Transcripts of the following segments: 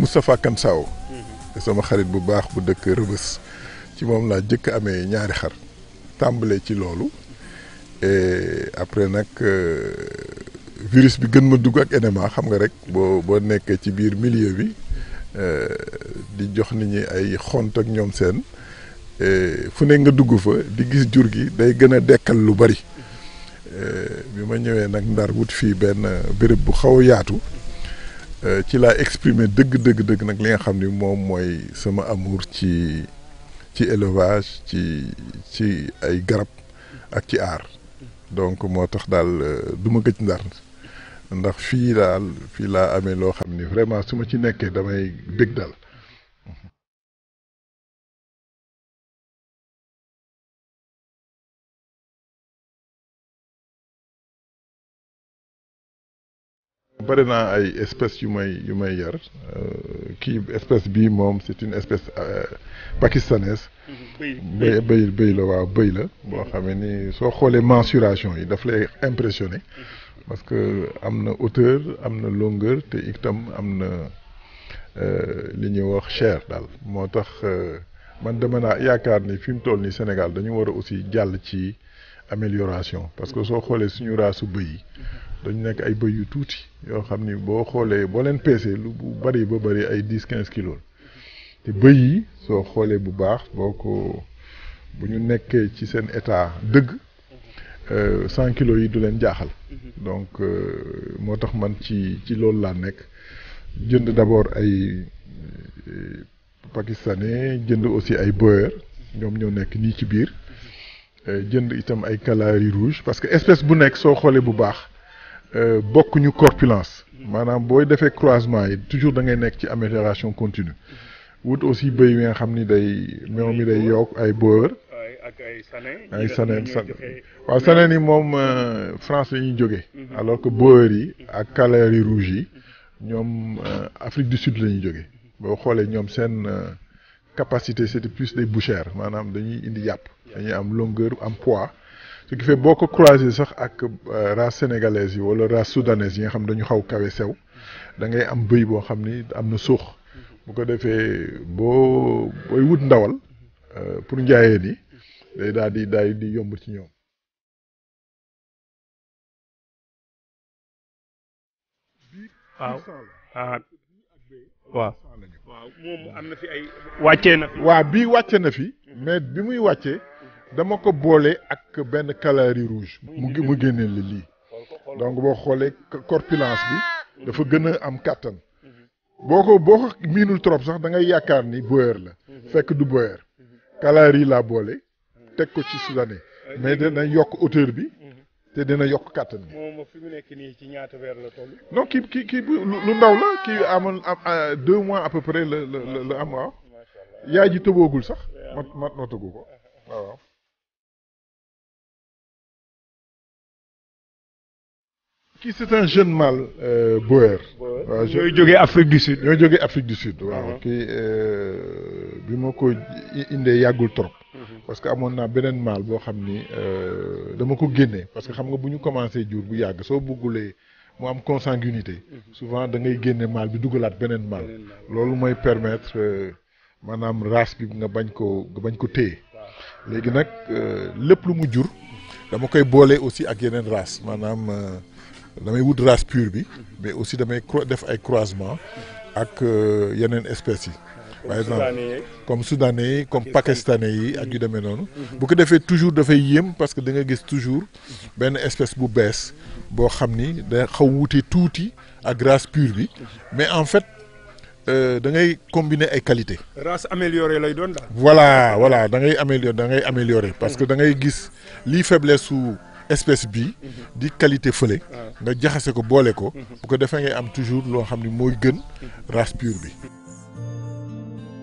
Moustapha Kansaw mhm. sama xarit bu baax bu dëkk Rëbës ci moom laa jëkk amee ñaari xar tàmbalee ci loolu et après nag euh, virus bi gën ma dugg ak NMA xam nga rek boo boo nekkee ci biir milieu bi euh, di jox nit ñi ay xont ak ñoom seen fu ne nga dugg fa di gis jur gi day gën a dekkal lu bari mhm. bi ma ñëwee nag ndar wut fii benn euh, béréb bu xaw yaatu Euh, ci laa exprimer dëgg dëgg dëgg nag li nga xam ni moom mooy sama amour ci ci élevage ci ci ay garab ak ci aar donc moo tax daal euh, du ma gëj ndar ndax fii daal fii laa amee loo xam ni vraiment su ma ci nekkee damay bég daal. bëri naa ay espèces yu may yu may yar euh, kii espèce bii moom c'est une espèce euh, pakistanaise bëy bëy bëy la waaw bëy la boo xamee ni soo xoolee mensuration yi daf lay impressionné parce que am na hauteur am na longueur te itam am na euh, li ñuy wax chair daal moo tax man dama naa yaakaar ni fi mu toll nii Sénégal dañu war a aussi jàll ci amélioration parce que soo xoolee suñu raasu bëy yi dañu nekk ay bëy yu tuuti yoo xam ni boo xoolee boo leen peesee lu bu bari ba bari ay dix quinze kilos te bëy yi soo xoolee bu baax boo ko bu ñu nekkee ci seen état dëgg euh, cent kilos yi du leen jaaxal donc euh, moo tax man ci ci loolu laa nekk jënd d'abord ay euh, pakistanais jënd aussi ay boer ñoom ñoo nekk nii ci biir Euh, jënd itam ay calories rouges parce que espèce bu nekk soo xoolee bu baax euh, bokkuñu corpulence maanaam booy defee croisement yi toujours da ngay nekk ci amélioration continue wut aussi bëy wi nga xam ni day meew mi day yokk ay boor ay saneen san waaw saneen yi moom euh, France la ñuy jógee mhm. alors que boor yi ak calories rouges yi ñoom Afrique du Sud la jóge mhm. boo xoolee ñoom seen capacité c'était plus des bouchères maanaam dañuy indi yàpp dañuy am longueur am poids ce boo ko croisé sax ak euh, race sénégalaise yi wala race soudanaise yi nga xam dañu xaw kawe sew da ngay am bëy boo xam ni am na suux bu ko defee boo booy wut ndawal euh, pour njaayee ni day daal di daal ci ñoom waaw waaw moom am na fi ay. wàccee na fi waaw bii wàcce na fi. mais bi muy wàccee dama ko boole ak benn calorie rouge. mu mu génnee la lii. donc boo xoolee corpulence bi. Ah. dafa gën a am kàttan. Mhm. boo ko boo ko miinul trop sax da ngay yaakaar ni boyer la. Mhm. fekk du boyer. Mhm. calorie laa boole. teg ko ci ah. sudanais. Ah, mais dana yokk hauteur bi. te dina yokk kàttan fi mu nekk nii ci ñaata weer la toll. lu ndaw la kii amoon am deux mois à près la la la am waaw. yaay ji tëboogul sax. mat mat noo ko waaw. kii c'est un jeune mâle euh, boer. ñooy jógee Afrique du Sud. ñooy jógee Afrique du Sud. waaw uh-huh. kii euh, bi ma ko indee yàggul trop. Mhm. parce que amoon naa beneen maal boo xam ni euh, dama ko génne parce que xam nga bu ñu commencé jur bu yàgg soo bëggulee mu am consanguinité mhm. souvent da ngay génne maal bi duggalaat beneen maal loolu mooy permettre euh, maanaam race bi nga bañ ko nga bañ ko téye léegi nag euh, lépp lu mu jur dama koy boolee aussi ak yeneen race maanaam damay wut race pure bi mhm. mais aussi damay def ay croisement ak yeneen espèces yi par exemple comme soudanais yi comme pakistanais yi ak yu mm-hmm. demee noonu mm-hmm. bu ko defee toujours dafay yéem parce que danga gis toujours benn espèce bu bees boo xam ni da xaw wute tuuti ak race pure bi mm-hmm. mais en fait euh, da ngay combiner ay qualité race améliorée lay doon daal voilà voilà da ngay améliorer da ngay améliorer parce que da ngay gis lii faiblesse su espèce bi di qualité fële nga jaxase ko boole ko bu ko defee ngay am toujours loo xam ni mooy gën race pure bi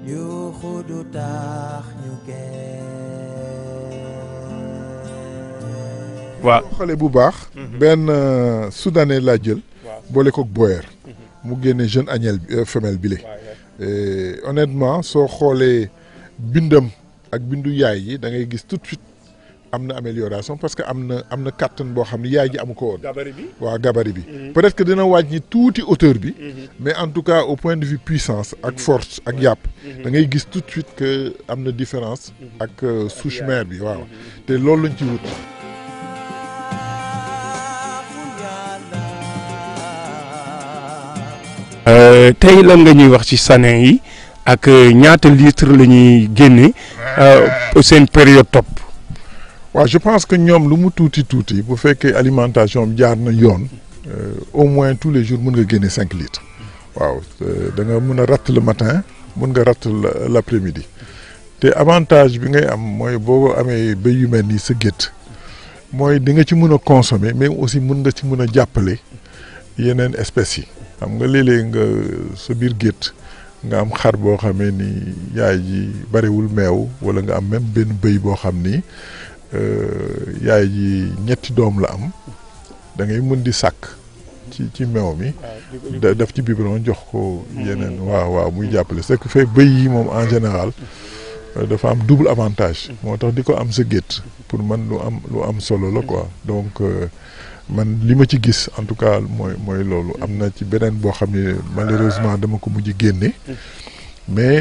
yuuxu du tax ñu génn. waaw xale bu baax. Mhm. benn euh, soudanais laa jël. boole koog Boyer. Mhm. mu génne jeune agnelle euh, femelle bile. honnêtement soo xoolee bindam ak bindu yaay yi da gis tout suite. am na amélioration parce que am na am na kàttan boo xam ne yaay ji amu ko woon. gabarit bi waaw gabarit bi. Mhm. peut-être que dina wàññi tuuti hauteur bi. Mhm. mais en tout cas au point de vue puissance. ak mhm. force ak yàpp. da ngay gis tout de suite que am na différence. ak euh, souche mère bi waaw. loolu lañ ci wut. Euh, tey lan ñuy wax ci sanin yi ak euh, ñaata litre la ñuy génne seen période top waa je pense que ñoom lu mu tuuti tuuti bu fekkee alimentation bi jaar na yoon euh, au moins tous les jours mun nga génne cinq litres waaw euh, da nga mën a ratt le matin mën nga ratt l'après-midi te avantage bi ngay am mooy boo amee béy yu mel nii sa gét mooy di nga ci mun a consommer mais aussi mun nga ci mën a jàppale yeneen espèces yi xam nga léeg nga sa biir gétt nga am xar boo xamee ni yaay ji bariwul meew wala nga am même benn béy boo xam ni Euh, yaay ji ñetti doom la am da ngay mën di sàkk ci ci meew mi daf ci biberon jox ko mm-hmm. yeneen waaw waaw muy jàppale ce qui fait bëy yi moom en général euh, dafa am double avantage mm-hmm. moo tax di ko am sa gétt mm-hmm. pour man lu am lu am solo la quoi donc euh, man li ma ci gis en tout cas mooy mooy loolu am na ci beneen boo xam ne malheureusement ah. dama ko mujj génne mais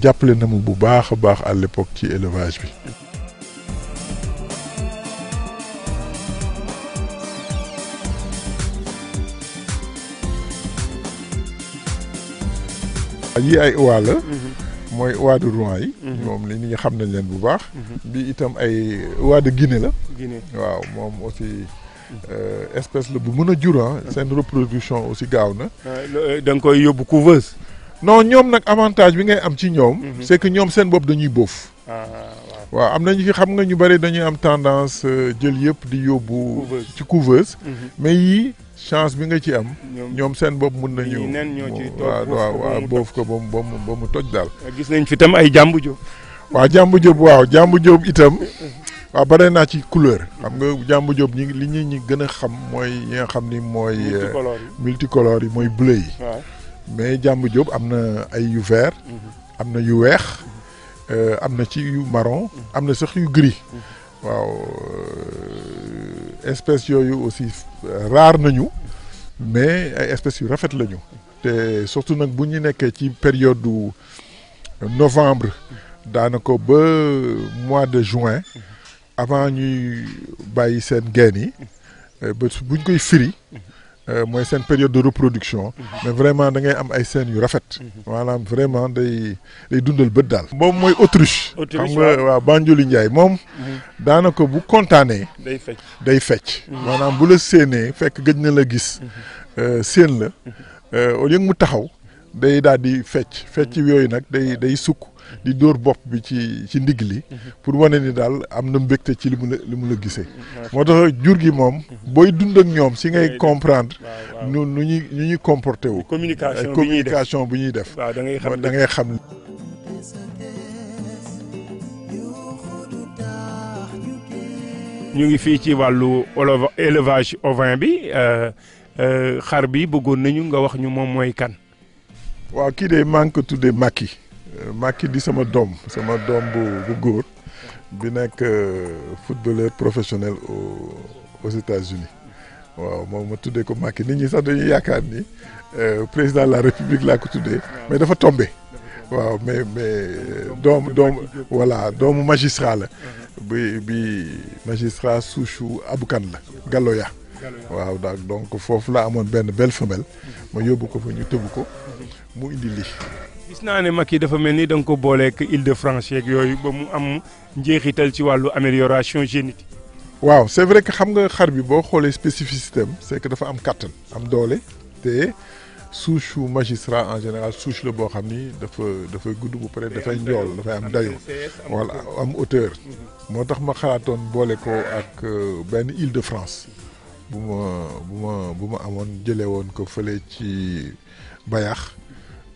jàppale na mu bu baax a baax à l'époque ci élevage bi Ah, yi ay oa la mhm. mooy oa de Rouen yi mhm. moom li nit ñi xam nañ leen bu baax mhm. bi itam ay oa de Guinée la waaw moom aussi euh, espèce la bu mën a jur ah. seen reproduction aussi gaaw na euh, da koy yóbbu couveuse non ñoom nag avantage bi ngay am ci ñoom c'est que ñoom seen bopp dañuy boof ah, waaw am nañu fi xam nga ñu bëri dañuy am tendance euh, jël yëpp di yóbbu ci couveuse mais yii chance bi nga ci am. ñoom seen bopp mun nañu. ñii waaw waaw boof ko ba mu ba mu ba toj daal. Ah, gis nañ fi tam ay jàmbu jóob. waaw jàmbu jóob waaw jàmbu jóob itam. waaw bare naa ci couleur. xam nga jàmbu jóob ñi li ñu ñi gën a xam mooy yi nga xam ni mooy. Euh, multicolore yi yi mooy bleu yi. mais jàmbu jóob am na ay yu vert. Mhm. am na yu weex. Euh, am na ci yu marron. Mhm. am na sax yu gris. Mhm. waaw espèces yooyu aussi euh, raar nañu mais ay espèces yu rafet lañu te surtout nag bu ñu nekkee ci période du euh, novembre daanaka ba mois de juin avant ñuy bàyyi seen geen yi euh, ba buñ koy firi Euh, mooy seen période de reproduction. Mhm. mais vraiment da ngay am ay scènes yu rafet. Mhm. maanaam vraiment day day dundal bët daal. moom mooy autruche. xam nga waaw Banjoli Ndiaye moom. Mhm. daanaka bu kontaanee. day fecc day fecc. maanaam bu la seenee fekk gëj na la gis. Euh, seen la euh, au lieu mu taxaw day daal di fecc fecc yooyu nag day day sukk. di dóor bopp bi ci ci ndigg li mhm. pour wane ni daal am na mbégte ci li mu la li mu la gisee mm-hmm. moo tax jur gi moom mm-hmm. booy dund ak ñoom si ngay comprendre nu nu ñuy ñu ñuy comporté wu communication bu ñuy def da ngay xam ñu ngi fii ci wàllu élevage ovin bi euh, euh, xar bi bëggoon nañu nga wax ñu moom mooy kan waaw kii de maa ngi ko tuddee Macky di sama doom sama doom bu bu góor bi nekk euh, footballeur professionnel au aux États-Unis waaw moom ma tuddee ko Macky nit ñi sax dañuy yaakaar ni euh, président de la République laa ko tuddee mais dafa tombé waaw mais mais euh, doom doom voilà doomu magistrat la bi bi magistrat Souchou Aboukan la Galoya waaw donc foofu laa amoon benn belle femelle ma yóbbu ko fa ñu tëb ko mu indi lii gis naa ne mag yi dafa mel ni da nga ko booleek de france yeeg yooyu ba mu am njeexital ci wàllu amélioration génétique. waaw c'est vrai que xam nga xar bi boo xoolee spécificité am c'est que dafa am kattan am doole te souche su magistrat en général souche la boo xam ni dafa dafay gudd bu pare dafay njool dafay am dayo voilà am hauteur. Mhm. moo tax ma xalaatoon boole ko ak euh, benn Île-de-France bu ma bu ma bu ma amoon jëlee woon ko fële ci Bayax.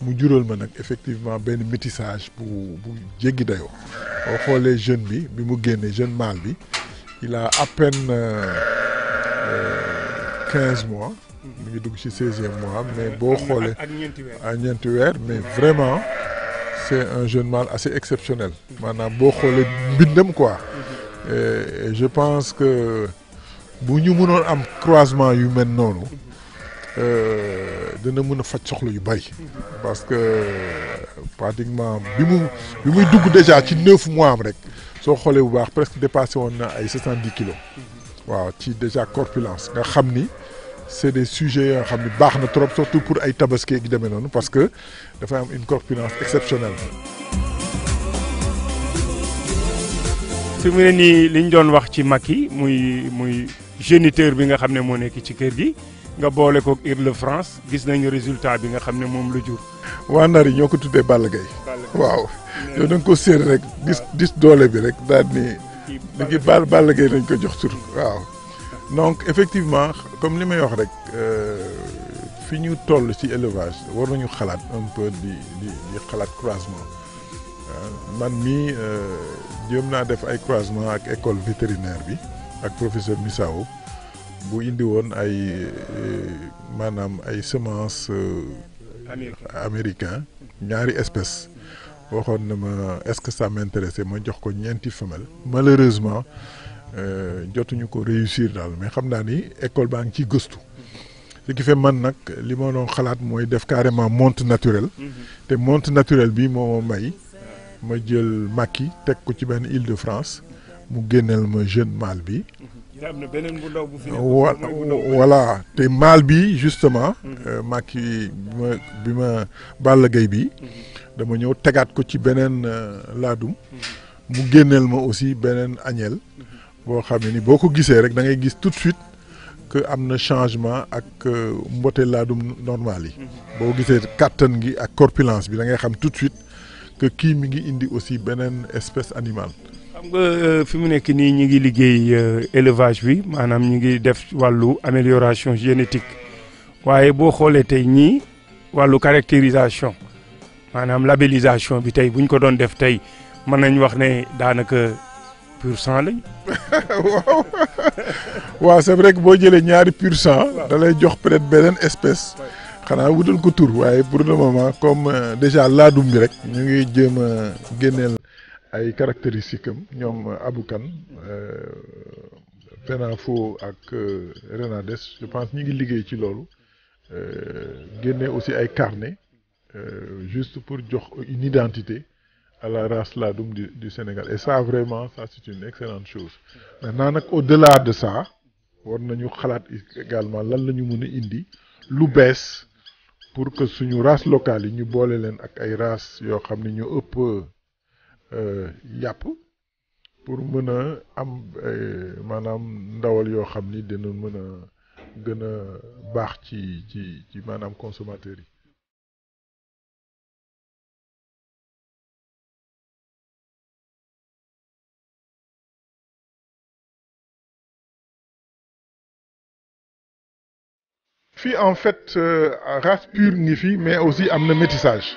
mu jural ma nag effectivement benn métissage bu bu jéggi dayoo boo xoolee jeune bi bi mu génnee jeune mâle bi il a à euh, euh, quinze mois. mu ngi dugg ci seizième mois mais boo xoolee. ak ñeenti weer ñeenti weer mais vraiment c' est un jeune mâle assez exceptionnel. maanaam boo xoolee mbindam quoi. et je pense que bu ñu mënoon am croisement yu mel noonu. Euh, dana mën a faj soxla yu bari parce que pratiquement bi mu bi muy dugg déjà ci neuf mois am rek soo xoolee bu baax presque dépassé woon na ay soixante dix kilos waaw ci déjà corpulence nga xam ni c'est des sujets yoo xam ni baax na trop surtout pour ay tabaski gi demee noonu parce que dafay am une corpulence exceptionnelle. fi mu ne nii li ñu doon wax ci mag yi muy muy géniteur bi nga xam ne moo nekk ci kër gi. nga boole ko île le france gis nañu résultat bi nga xam ne moom la jur. waa Ndar yi ñoo ko tuddee Balla Gaye waaw yow da nga ko séen rek gis gis doole bi rek daal ni da ngi Balla Balla Gaye nañ ko jox tur waaw donc effectivement comme li may wax rek euh, fi ñu toll ci élevage war nañu xalaat un peu di di di xalaat croisement euh, man mii euh, jëm naa def ay croisement ak école vétérinaire bi ak professeur Misao bu indi woon ay euh, maanaam ay semences euh, américain ñaari espèce waxoon na ma est-ce que ça ma jox ko ñeenti femelle malheureusement euh, jotuñu ko réussir daal mais xam naa ni école baa ngi ciy gëstu ce qui fait man nag li ma doon xalaat mooy def carrément monte naturel mm-hmm. te monte naturel bi moo ma may ma jël makki teg ko ci benn Île de France mu génneel ma jeune mâle bi voilà te maal bi justement mhm. euh, Macky bi ma bi ma Balla Gaye bi mhm. dama ñëw tegaat ko ci beneen euh, laadum mhm. mu génneel ma aussi beneen añeel boo xam ne ni boo ko gisee rek da ngay gis tout de suite que am na changement ak euh, mbote laadum normal yi boo gisee kàttan gi ak corpulence bi da ngay xam tout de suite que kii mi ngi indi aussi beneen espèce animal Euh, fi mu nekk nii ñu ngi liggéey euh, élevage bi maanaam ñu ngi def wàllu amélioration génétique waaye boo xoolee tey ñii wàllu caractérisation maanaam labellisation bi tey buñ ko doon def tey mën nañ wax ne daanaka pur sang lañ. waaw waaw c'est vrai boo jëlee ñaari pur sang. da lay jox peut-être beneen espèce. xanaa wutal ko tur waaye pour le moment comme euh, déjà laadum bi rek. ñu ngi jéem a génneel. ay caractéristiques am ñoom Abou Kane euh, Fenafo ak euh, Renades je pense ñi ngi liggéey ci loolu euh, génne aussi ay carnet juste pour jox une identité à la race Ladoum du, du Sénégal et ça vraiment ça c'est une excellente chose maintenant nag au-delà de ça war nañu xalaat également lan lañu ñu indi lu bees pour que suñu race locale yi ñu boole leen ak ay race yoo xam ne ñoo ëpp Euh, yàpp pour mën a am maanaam ndawal yoo xam ni dina mën a baax ci ci ci maanaam consommateur yi. fii en fait euh, race ngi fi mais aussi am na métissage.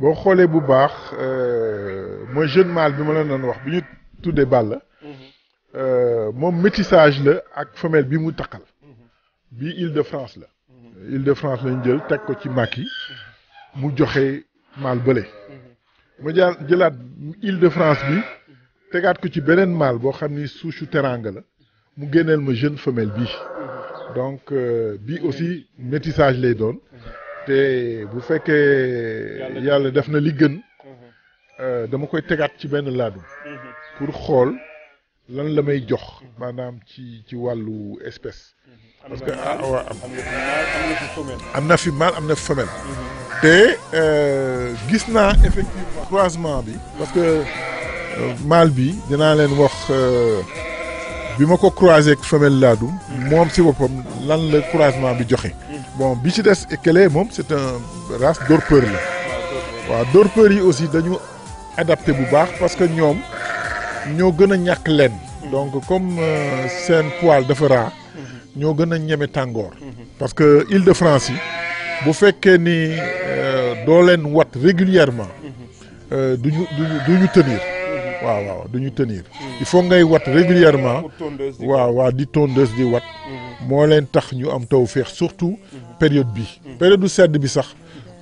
boo xoolee bu baax euh, mooy jeune mâle bi ma la doon wax bi ñu tuddee Balla euh, moom métissage la ak femelle bi mu takkal bi Île-de-France la Île-de-France lañ jël teg ko ci Maki mu joxe mâle bële ma jëlaat Île-de-France bi tegaat ko ci beneen mâle boo xam ni souche Teranga la mu génneel ma jeune femelle bi donc euh, bi aussi métissage lay doon te bu fekkee yàlla def na li gën mhm. euh, dama koy tegaat ci benn laadu mhm. pour xool lan la may jox mhm. maanaam ci ci wàllu espèce parce que ah waaw am am na fi mâle am na fi femelle te euh, gis naa effectivement bi parce que euh, mâle bi dinaa leen wax bi ma ko croisé ak femelle laadum moom si boppam lan la croisement bi joxe bon bi ci des kële moom c'est un race dorpeur la. waaw dorpeur yi aussi dañu adapté bu baax parce que ñoom ñoo gën a ñàkk leen. donc comme euh, seen poil dafa raa. ñoo gën a ñeme tàngoor. parce que Île-de-France yi bu fekkee ni euh, doo leen wat régulièrement. Euh, duñu duñu duñu tenir. waaw waaw duñu tenir. il faut ngay wat régulièrement. waaw waaw di tondeuse di wat. Mm-hmm. moo leen tax ñu am tawféex surtout période bi période du sedd bi sax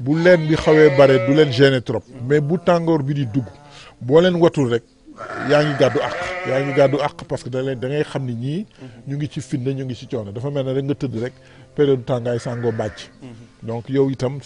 bu leen bi xawee bare du leen gêner trop mais bu tàngoor bi di dugg boo leen watul rek yaa ngi gàddu àq yaa ngi gàddu àq parce que da da ngay xam ni ñii ñu ngi ci fitna ñu ngi ci coono dafa mel ne rek nga tëdd rek période tàngaay sàngoo bàcc mhm. donc yow itam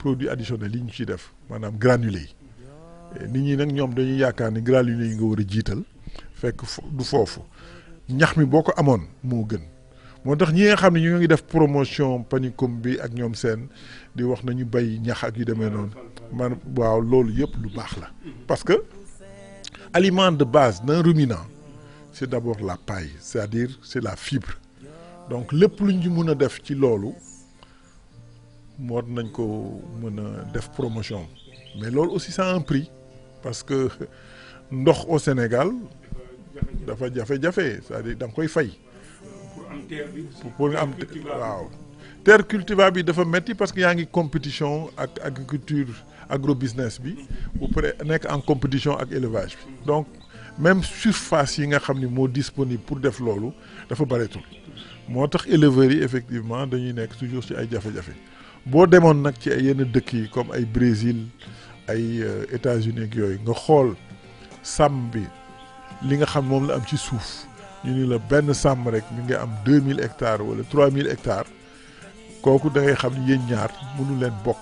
produit additionnel yi ñu ciy def maanaam granulés yi nit ñi nag ñoom dañuy yaakaar ni granulés yi nga war a jiital fekk du foofu ñax mi boo ko amoon moo gën moo tax ñi nga xam ne ñu ngi def promotion panicum bi ak ñoom seen di wax nañu bay ñax ak yu demee noonu man waaw loolu yëpp lu baax la parce que aliment de base d'un ruminant c'est d'abord la paille c'est-à-dire c'est la fibre donc lépp lu ñu mën a def ci loolu war nañ ko mën a def promotion mais loolu aussi ça un prix parce que ndox au Sénégal dafa jafe-jafe c'est-à-dire da nga koy fay. pour am terre bi pour nga am waaw. terre cultivable bi dafa metti parce que yaa ngi compétition ak agriculture agro business bi bu pare nekk en compétition ak élevage bi donc même surface yi nga xam ni moo disponible pour def loolu dafa bareetul moo tax éleveurs yi effectivement dañuy nekk toujours ci ay jafe-jafe. boo demoon nag ci ay yenn dëkk yi comme ay Brésil ay euh, États-Unis yooyu nga xool sàmm bi li nga xam moom la am ci suuf ñu ni la benn sàmm rek mi ngi am deux mille hectares wala trois mille hectares kooku dangay xam ne ñaar mënu leen bokk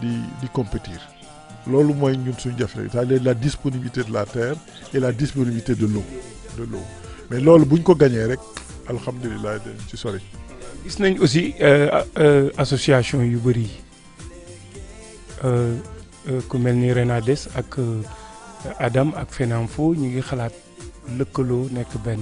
di di compétir loolu mooy ñun suñu jaf rek à dire la disponibilité de la terre et la disponibilité de l'eau de l'eau mais loolu bu ñu ko gañee rek alhamdulilah dañ ci sori. gis nañ aussi euh, euh, association yu bëri yi euh, ku mel ni des ak Adam ak Fenanfo ñu ngi xalaat lëkkaloo nekk benn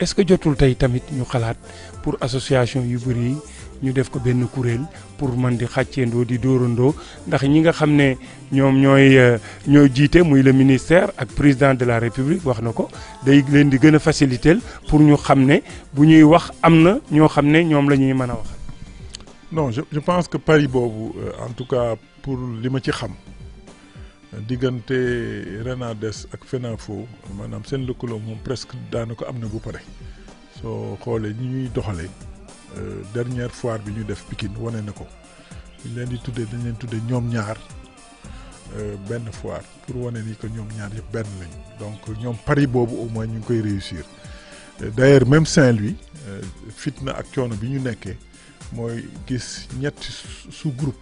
est-ce que jotul tey tamit ñu xalaat pour association yu bëri yi ñu def ko benn kuréel pour man di xàcceendoo di dóorandoo ndax ñi nga xam ne ñoom ñooy euh, ñooy jiite muy le ministère ak président de la république wax na ko day leen di gën a faciliter pour ñu xam ne bu ñuy wax am na ñoo xam ne ñoom la ñuy mën a wax. non je je pense que pari boobu euh, en tout cas pour li ma ci xam diggante des ak FENAFO maanaam seen lëkkaloo moom presque daanaka am na bu pare soo xoolee ñi ñuy doxalee. Euh, dernière foire bi ñu def Pikine wane na ko leen di tuddee dañ leen tuddee ñoom ñaar euh, benn foire pour wane ni que ñoom ñaar yëpp benn lañu donc ñoom pari boobu au moins ñu ngi koy réussir euh, d'ailleurs même Saint-Louis fitna ak coono bi ñu nekkee mooy gis ñetti su groupe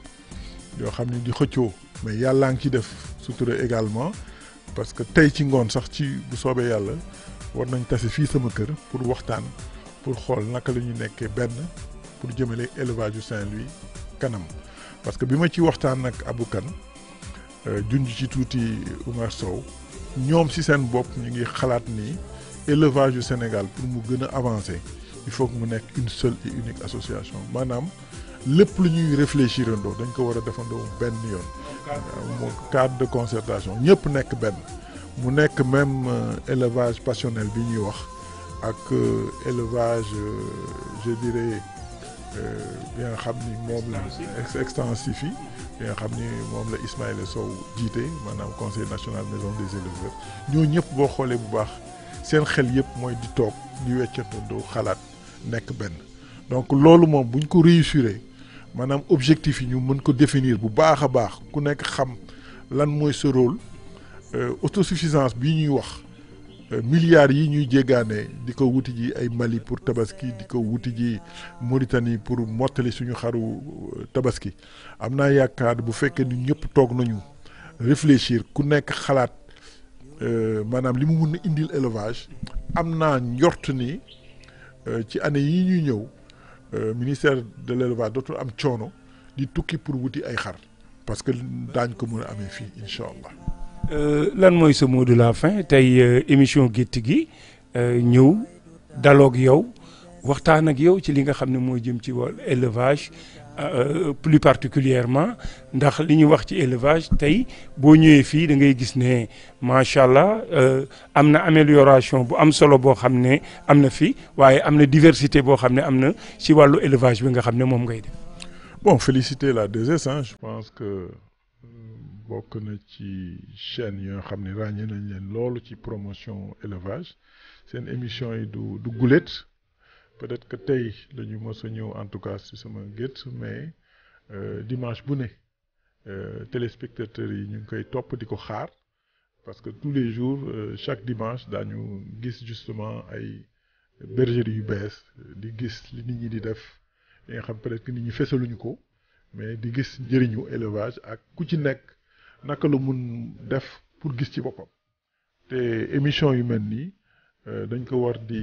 yoo xam ne di xëccoo mais yàllaa ngi ci def sutura également parce que tey ci ngoon sax ci bu soobee yàlla war nañ tase fii sama kër pour waxtaan. pour xool naka la nekkee benn pour jëmale élevage yu Saint-Louis kanam parce que bi ma ci waxtaan ak Abou Kane euh, junj ci tuuti Oumar Sow ñoom si seen bopp ñu ngi xalaat ni élevage yu Sénégal pour mu gën a avancer il faut que mu nekk une seule et unique association maanaam lépp lu ñuy réfléchir andoo dañ ko war a defandoo benn yoon euh, mu cadre de concertation ñëpp nekk benn mu nekk même euh, élevage passionnel bi ñuy wax ak euh, élevage euh, je dirais euh, bi nga xam ni moom la extensif yi bi nga xam ni moom la Ismaïla Sow jiite maanaam conseil national maison des éleveurs ñoo ñëpp boo xoolee bu baax seen xel yëpp mooy di toog di weccantandoo xalaat nekk benn donc loolu moom bu ñu ko réussiree maanaam objectif yi ñu mën ko définir bu baax a baax ku nekk xam lan mooy sa rôle autosuffisance bii ñuy wax Euh, milliards yi ñuy jéggaane di ko wuti ji ay Mali pour tabaski di ko wuti ji Mauritanie pour mottali suñu xaru euh, tabaski am naa yaakaar bu fekkee ni ñëpp toog nañu réfléchir ku nekk xalaat euh, maanaam li mu mun a indil élevage am naa njort ni ci année yi ñuy ñëw ministère de l'élevage dootul am coono di tukki pour wuti ay xar parce que daañ ko mun a amee fii incha allah Euh, lan mooy sa mot de la fin tey euh, émission gétt gi euh, ñëw daloog yow waxtaan ak yow ci li nga xam ne moo jëm ci wàllu élevage plus particulièrement ndax li ñu wax ci élevage tey boo ñëwee fii da ngay gis ne macha allah am na amélioration bu am solo boo xam ne am na fi waaye am na diversité boo xam ne am na ci wàllu élevage bi nga xam ne moom ngay def. bon féliciter la 2S je pense que. bokk na ci chaîne yoo xam ne ràññee nañ leen loolu ci promotion élevage seen émission yi du du gulet peut-être que tey la ñu mos a ñëw en tout cas ci sama gétt mais euh, dimanche bu ne euh, téléspectateurs yi ñu ngi koy topp di ko xaar parce que tous les jours euh, chaque dimanche daañu gis justement ay bergerie yu bees di gis li nit ñi di def li nga xam peut-être nit ñi fesaluñu ko mais di gis njëriñu élevage ak ku ci nekk naka la mun def pour gis ci boppam te émission yu mel nii euh, dañ ko war di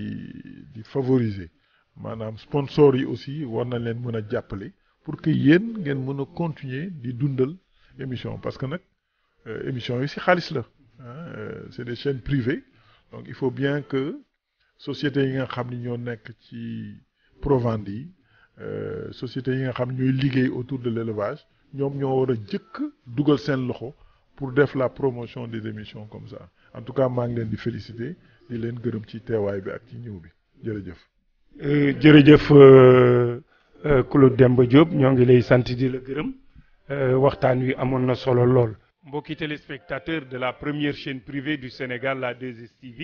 di favoriser maanaam sponsor yi aussi war na leen mën a jàppale pour que yéen ngeen mën a continuer di dundal émission parce que nag euh, émission yi si xaalis la euh, c'est des chaînes privées donc il faut bien que société yi nga xam ni ñoo nekk ci provende yi société yi nga xam ñooy liggéey autour de l'élevage ñoom ñoo war a jëkk dugal seen loxo pour def la promotion des émissions comme ça en tout cas maa ngi leen di féliciter di leen gërëm ci teewaay bi ak ci ñëw bi jërëjëf. Euh, jërëjëf euh, euh, Claude Demba Diop ñoo ngi lay sant di la gërëm waxtaan wi amoon na solo lool. mbokki téléspectateurs de la première chaîne privée du Sénégal la 2STV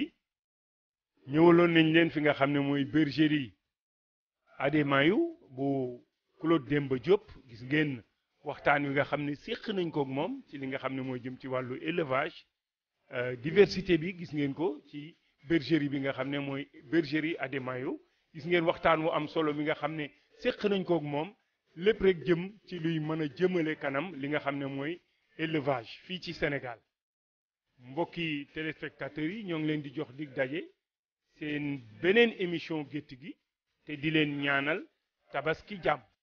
ñëwaloon nañ leen fi nga xam ne mooy bergerie Ademayu bu Claude Demba Diop gis ngeen. waxtaan wi nga xam ne séq nañ kook moom ci li nga xam ne mooy jëm ci wàllu élevage euh, diversité bi gis ngeen ko ci bergerie bi nga xam ne mooy bergerie Ademayo gis ngeen waxtaan wu am solo bi nga xam ne séq nañ kook moom lépp rek jëm ci luy mën a jëmale kanam li nga xam ne mooy élevage fii ci Sénégal mbokki téléspectateurs yi ñoo ngi leen di jox dig daje seen beneen émission gétt gi te di leen ñaanal tabaski jàmm